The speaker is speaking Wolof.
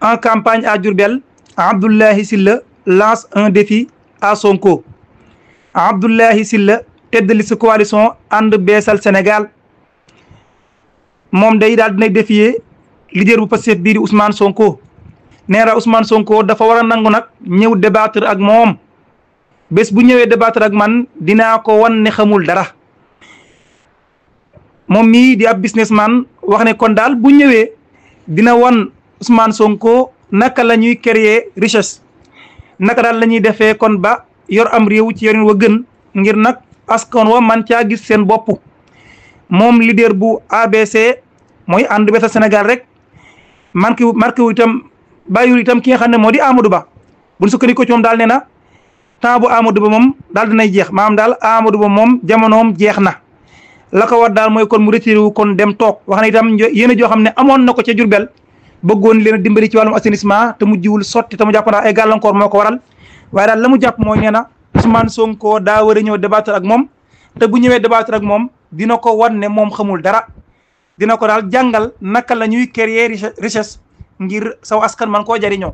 en campagne à Diourbel Abdoulaye Sylla lance un défi à Sonko Abdoulaye Sylla tête de liste coalition ànd beesal Sénégal moom day daal dina défier leader bu Pastef bii di Sonko nee na Ousmane Sonko dafa war a nangu nag ñëw débattre ak moom bés bu ñëwee débattre ak man dinaa ko wan ne xamul dara moom mii di ab businessman wax ne kon daal bu ñëwee dina wan Ousmane Sonko naka la ñuy créer richesse naka daal la ñuy defee kon ba yor am réew ci yorin wa gën ngir nag askan wa man caa gis seen bopp moom leader bu ABC mooy ànd a Sénégal rek marqué wu marqué wu itam bàyyiwul itam ki nga xam ne moo di Amadou Ba bu ñu sukkandiku ci moom daal nee na temps bu Amadou Ba moom daal dinay jeex maam daal Amadou Ba moom jamonoom jeex na. la daal mooy kon mu retiré wu kon dem toog wax na itam yéen a joo xam ne amoon na ko ca Jurbel bëggoon leen a dimbali ci wàllum assainissement te mujjiwul sotti te mu jàpp naa ay gàllankoor moo ko waral waaye daal la mu jàpp mooy nee na Ousmane Sonko daa war a ñëw débattre ak moom te bu ñëwee débattre ak moom dina ko wan ne moom xamul dara dina ko daal jàngal naka la ñuy créer richesse ngir saw askan man koo jariñoo